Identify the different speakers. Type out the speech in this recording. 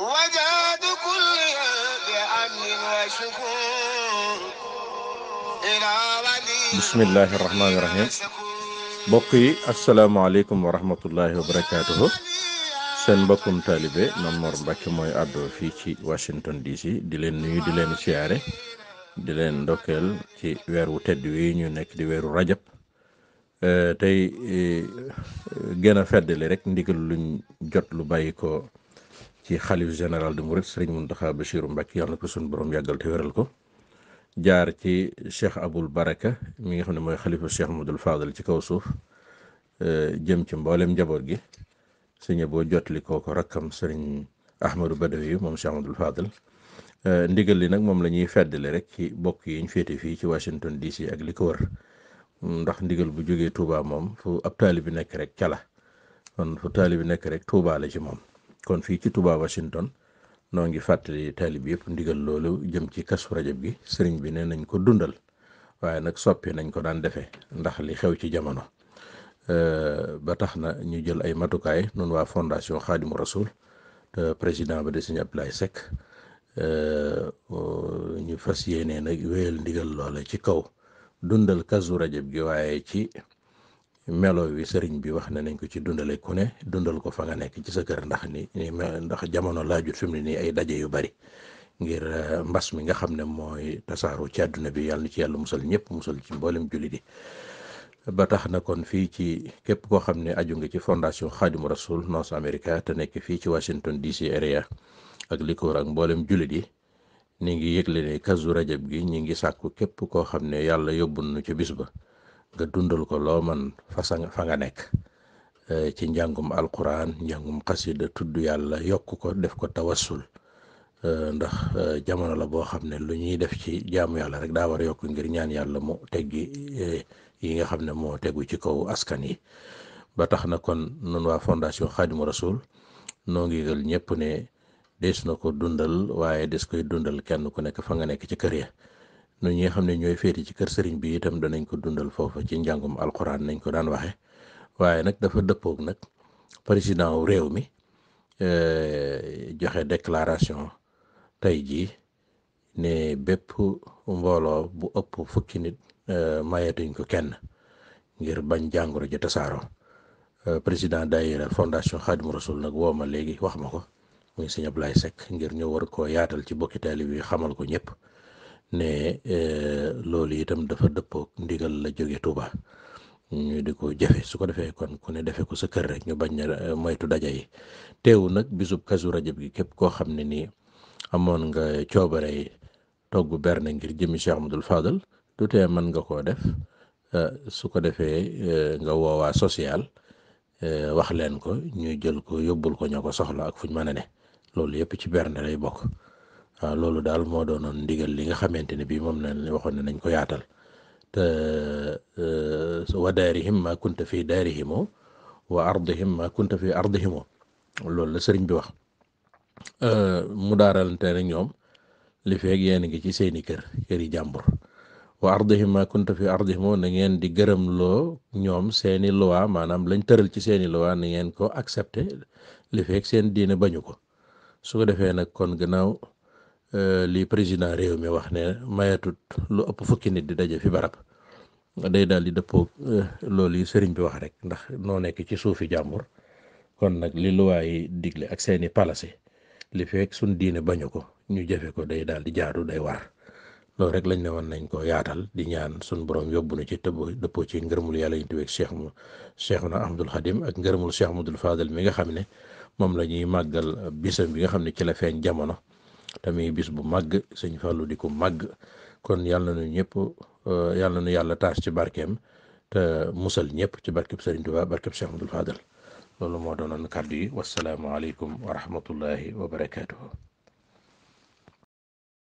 Speaker 1: وجاد كل بأمن وسكون إلى ولي بسم الله الرحمن الرحيم mbokk yi asalaamaaleykum wa rahmatullahi wa barakaatuhu seen mbokkum taalibe Mame Mor Mbacke mooy àddoo fii ci di leen nuyu di leen siyaare di leen ndokkeel ci weer tedd wi ñu nekk di weeru rajab tey gën a feddali rek ndigal luñ jot lu bàyyi ci xalif général de Mouride sëriñ Mountakha Bachirou Mbacké yàlla na ko suñu borom yàggal te wéral ko jaar ci cheikh Aboul Baraka mi nga xam ne mooy xalifa cheikh Modou Fadal ci kaw suuf euh, jëm ci mboolem njaboot gi sëñ boo jotli kooku rakkam sëriñ Ahmadou Badawi moom cheikh Modou Fadal euh, ndigal li nag moom la ñuy feddale rek ci bokk yi ñu féete fii ci Washington DC ak li ko wër ndax ndigal bu jógee Touba moom fu ab taali bi nekk rek cala kon fu taali bi nekk rek Touba la ci moom. kon fii ci Touba Washington noo ngi fàttali bi yëpp ndigal loolu jëm ci kasu rajab gi sëriñ bi ne nañ ko dundal waaye nag soppi nañ ko daan defee ndax li xew ci jamono ba tax na ñu jël ay matukaay nun waa fondation Xaadimu Rasul te président ba di sëñ Abdoulaye Seck ñu fas yéenee nag wéyal ndigal loola ci kaw dundal kasu rajab gi waaye ci melo wi sëriñ bi wax na nañ ko ci dundale ku ne dundal ko fa nga nekk ci sa kër ndax ni ndax jamono laajut fi mu ne nii ay daje yu bari ngir eh, mbas mi nga xam ne mooy tasaaru ci àdduna bi yàlla ci yàlla musal ñëpp musal ci mboolem jullit yi ba tax na kon fii ci képp koo xam ne aju nga ci fondation Xaadimu Rasul North America te nekk fii ci Washington DC area ak li ko wër ak mboolem jullit yi ni ngi yëgle ne kazu rajab gi ñi ngi sàkku képp koo xam ne yàlla yóbbu nu ci bis nga dundal ko loo man fa fa nga nekk eh, ci njàngum alquran njàngum xasida tudd yàlla yokk ko def ko tawassul eh, ndax eh, jamono la boo xam ne lu ñuy def ci jaamu yàlla rek daa war a yokk ngir ñaan yàlla mu teggi yi nga xam ne moo tegu ci kaw askan yi ba tax na kon nun waa fondation Xadimu Rasul noo ngi yëgal ñëpp ne des na ko dundal waaye des koy dundal kenn ku nekk fa nga nekk ci kër ya ñun ñi nga xam ne ñooy féete ci kër sëriñ bi itam danañ ko dundal foofa ci njàngum alxuraan nañ ko daan waxe waaye nag dafa dëppoog nag président wu réew mi eh, joxe déclaration tey jii ne bépp mbooloo bu ëpp fukki nit eh, mayetuñ ko kenn ngir bañ jàngoro ja tasaaroo eh, président daayira fondation Xaadimu Rasul nag woo ma léegi wax ma ko muy sëñ Ablaye Seck ngir ñu war ko yaatal ci bokki taalibe yi xamal ko ñëpp. ne e, loolu itam dafa dëppoo ndigal la jóge Touba ñuy di ko jafe su ko defee kon ku ne defee ko sa kër rek ñu bañ a e, moytu daja yi teewu nag bisub kasu rajab gi képp koo xam ne nii amoon nga coobare yi togg berne ngir jëmi Cheikh Amadou Fadal du tee mën nga koo def e, su ko defee nga woowaa social wax leen ko ñu jël ko yóbbul ko ñoo ko soxla ak fuñ mën a ne loolu yëpp ci berne lay bokk. waaw ah, loolu daal moo doonoon ndigal li nga xamante ne bii moom lañ waxoon ne nañ ko yaatal te eh, wa daarihim ma kunta fi daarihimu wa ardihim ma kunta fi ardihimu loolu la sëriñ bi wax eh, mu daaralante ne ñoom li feeg yéen ngi ci seeni kër kër yi jàmbur wa ardihim ma kunta fi ardihimu na ngeen di gërëm loo ñoom seeni loi maanaam lañ tëral ci seeni loi na ngeen ko accepté li feeg seen diine bañu ko su ko defee nag kon gannaaw Euh, li président réew mi wax ne mayatut lu ëpp fukki nit di daje fi barab day daal di dëppoo euh, loolu yi sëriñ bi wax rek ndax noo nekk ci suufi jàmbur kon nag li luwaa yi digle ak seeni palasi li fekk suñ diine bañu ko ñu jafe ko day daal di jaadu day waar loolu rek lañ ne woon nañ ko yaatal di ñaan suñ borom yóbbu na ci tëbb dëppoo ci ngërëmul yàlla ñu tuweeg cheikh mu cheikh na ahmadul xadim ak ngërëmul mu ahmadul fadal mi nga xam ne moom la ñuy màggal bisam bi nga xam ne ci la jamono tamit bis bu màgg sëñ Fallou di ko màgg kon yàlla na ñu ñëpp euh, yàlla na yàlla taas ci barkeem te musal ñëpp ci barkeb Serigne Touba barkeb Cheikh Abdoul Fadal loolu moo doonoon kàddu yi wasalaamualeykum wa rahmatullahi wa barakaatuhu.